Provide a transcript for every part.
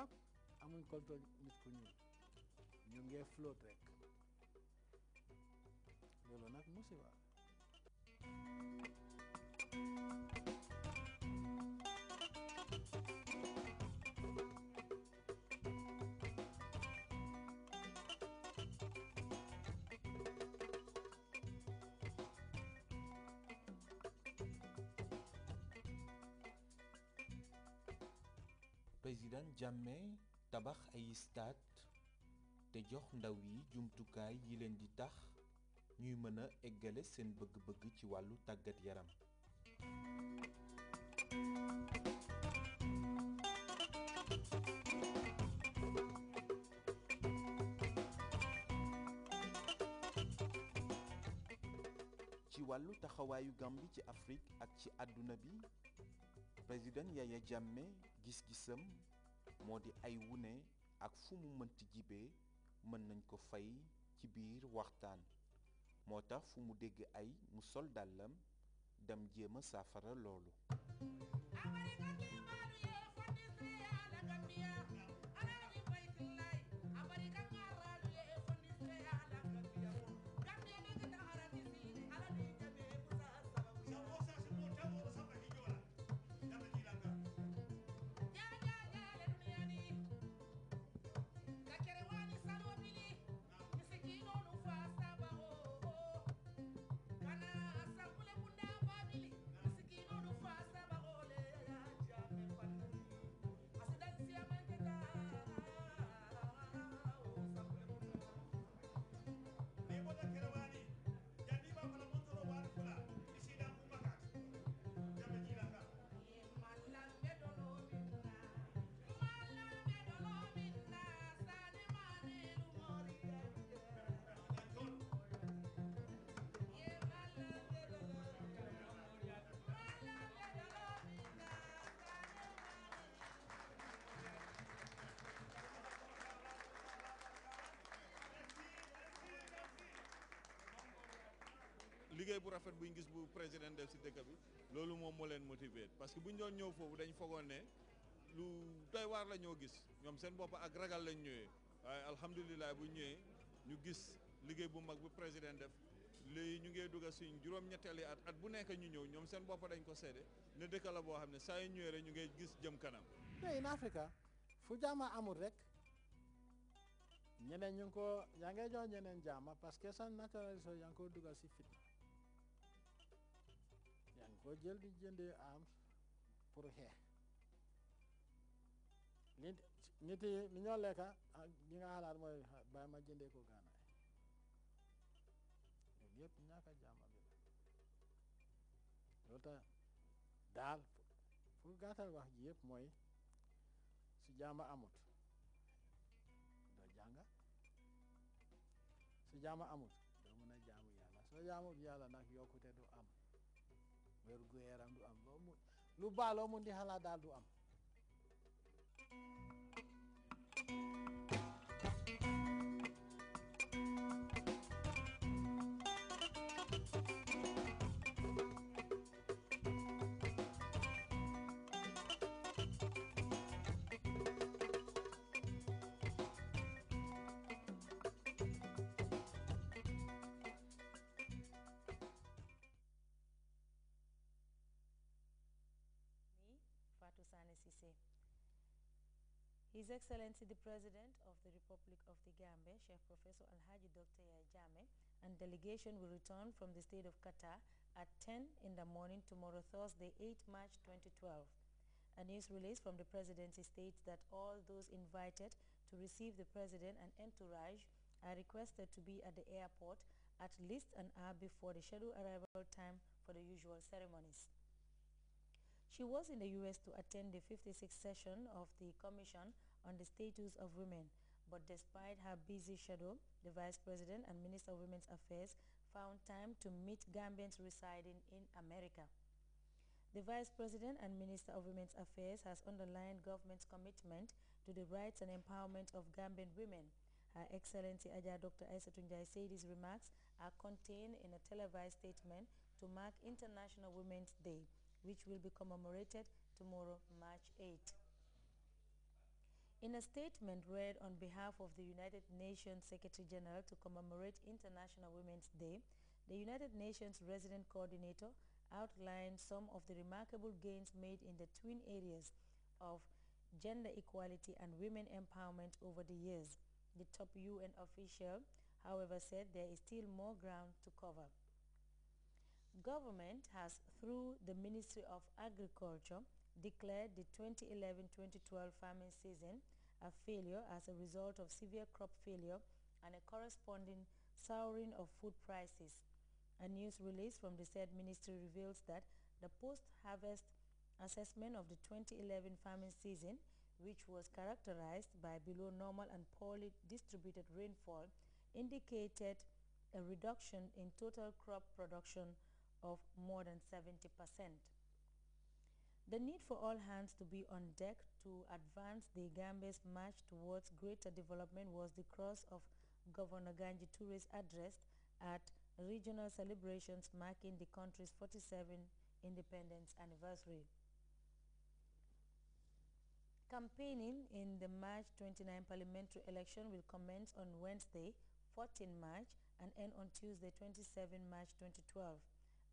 tubaab amuñ contrôle nit ku ñuul ñoom ngay flotte rek loolu nag musiba président Jammeh tabax ay te jox ndaw yi jumtukaay yi leen di tax ñuy mën a eggale seen bëgg-bëgg ci wàllu tàggat yaram wàllu taxawaayu Gàmbi ci Afrique ak ci àdduna bi président Yaya jàmme gis-gisam moo di ay wune ak fu mu mënti jibee mën nañ ko fay ci biir waxtaan moo tax fu mu dégg ay mu sol dàllam dem jéem saafara loolu liggéey bu rafet buñu gis bu président def ci dëkk bi loolu moom moo leen motiver parce que buñ doon ñëw foofu dañ fogoon lu doy waar la ñoo gis ñoom seen bopp ak ragal lañ ñëwee waaye alhamdulilah bu ñëwee ñu gis liggéey bu mag bu président def léegi ñu ngi dugg suñ juróom-ñetteeli at at bu nekk ñu ñëw ñoom seen bopp dañ ko seede ne dëkk la boo xam ne saa yu ñëwee rek ñu ngi gis jëm kanam. mais in Africa fu jaama amul rek ñeneen ñu ngi ko yaa ngay jox ñeneen jaama parce que sa naturalisation yaa ko dugal si ko jël di jëndee am pour xeex nit nit yi ni ñoo lekka nga xalaat mooy bàyyi ma jëndee ko gànnaay loolu yëpp daal pour gàttal wax ji yëpp mooy si jàmm amut doo si su jàmm amut doo mën a jaamu yàlla soo jaamut yàlla nag yokkute du am wergu yaram du am loo lu baax loo mun di xalaat du am His Excellency the President of the Republic of the Gambia, Chef Professor Alhaji Dr. Yajame, and delegation will return from the state of Qatar at 10 in the morning tomorrow, Thursday, 8 March 2012. A news release from the presidency states that all those invited to receive the president and entourage are requested to be at the airport at least an hour before the scheduled arrival time for the usual ceremonies. She was in the U.S. to attend the 56th session of the Commission on the Status of Women, but despite her busy schedule, the Vice President and Minister of Women's Affairs found time to meet Gambians residing in America. The Vice President and Minister of Women's Affairs has underlined government's commitment to the rights and empowerment of Gambian women. Her Excellency Ajah Dr. said these remarks are contained in a televised statement to mark International Women's Day which will be commemorated tomorrow, March 8. In a statement read on behalf of the United Nations Secretary General to commemorate International Women's Day, the United Nations Resident Coordinator outlined some of the remarkable gains made in the twin areas of gender equality and women empowerment over the years. The top UN official, however, said there is still more ground to cover. Government has, through the Ministry of Agriculture, declared the 2011-2012 farming season a failure as a result of severe crop failure and a corresponding souring of food prices. A news release from the said ministry reveals that the post-harvest assessment of the 2011 farming season, which was characterized by below normal and poorly distributed rainfall, indicated a reduction in total crop production of more than 70%. The need for all hands to be on deck to advance the Gambia's march towards greater development was the cross of Governor Ganji Touré's address at regional celebrations marking the country's 47th independence anniversary. Campaigning in the March 29 parliamentary election will commence on Wednesday, 14 March, and end on Tuesday, 27 March 2012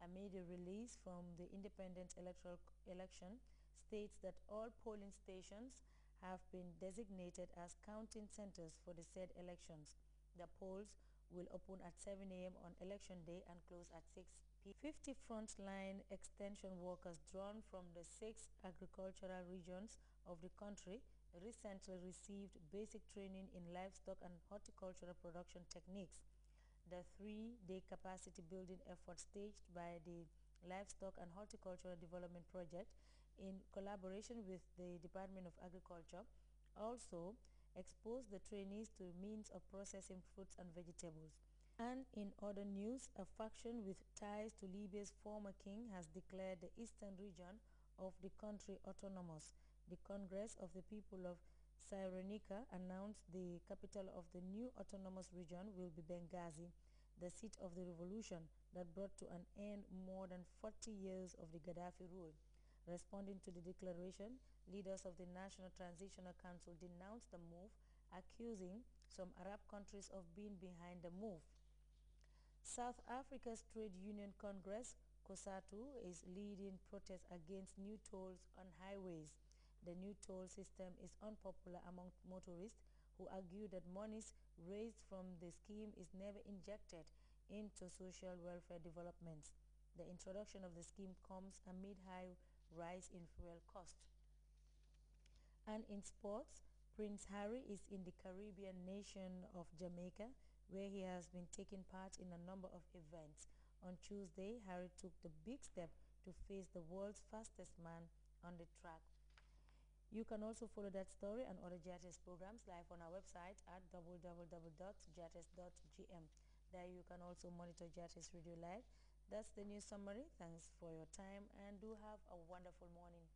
amid a release from the Independent Electoral Election states that all polling stations have been designated as counting centers for the said elections. The polls will open at 7 a.m. on election day and close at 6 p.m. 50 frontline extension workers drawn from the six agricultural regions of the country recently received basic training in livestock and horticultural production techniques the three-day capacity building effort staged by the Livestock and Horticultural Development Project in collaboration with the Department of Agriculture also exposed the trainees to means of processing fruits and vegetables. And in other news, a faction with ties to Libya's former king has declared the eastern region of the country autonomous. The Congress of the People of Cyrenaica announced the capital of the new autonomous region will be Benghazi, the seat of the revolution that brought to an end more than 40 years of the Gaddafi rule. Responding to the declaration, leaders of the National Transitional Council denounced the move, accusing some Arab countries of being behind the move. South Africa's Trade Union Congress, COSATU, is leading protests against new tolls on highways. The new toll system is unpopular among motorists who argue that monies raised from the scheme is never injected into social welfare developments. The introduction of the scheme comes amid high rise in fuel costs. And in sports, Prince Harry is in the Caribbean nation of Jamaica, where he has been taking part in a number of events. On Tuesday, Harry took the big step to face the world's fastest man on the track you can also follow that story and other GRTS programs live on our website at www.grts.gm. There you can also monitor GRTS Radio Live. That's the news summary. Thanks for your time and do have a wonderful morning.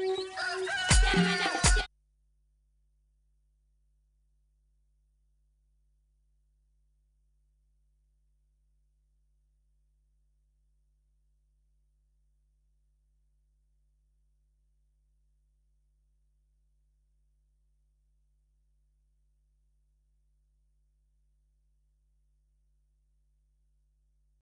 Oh,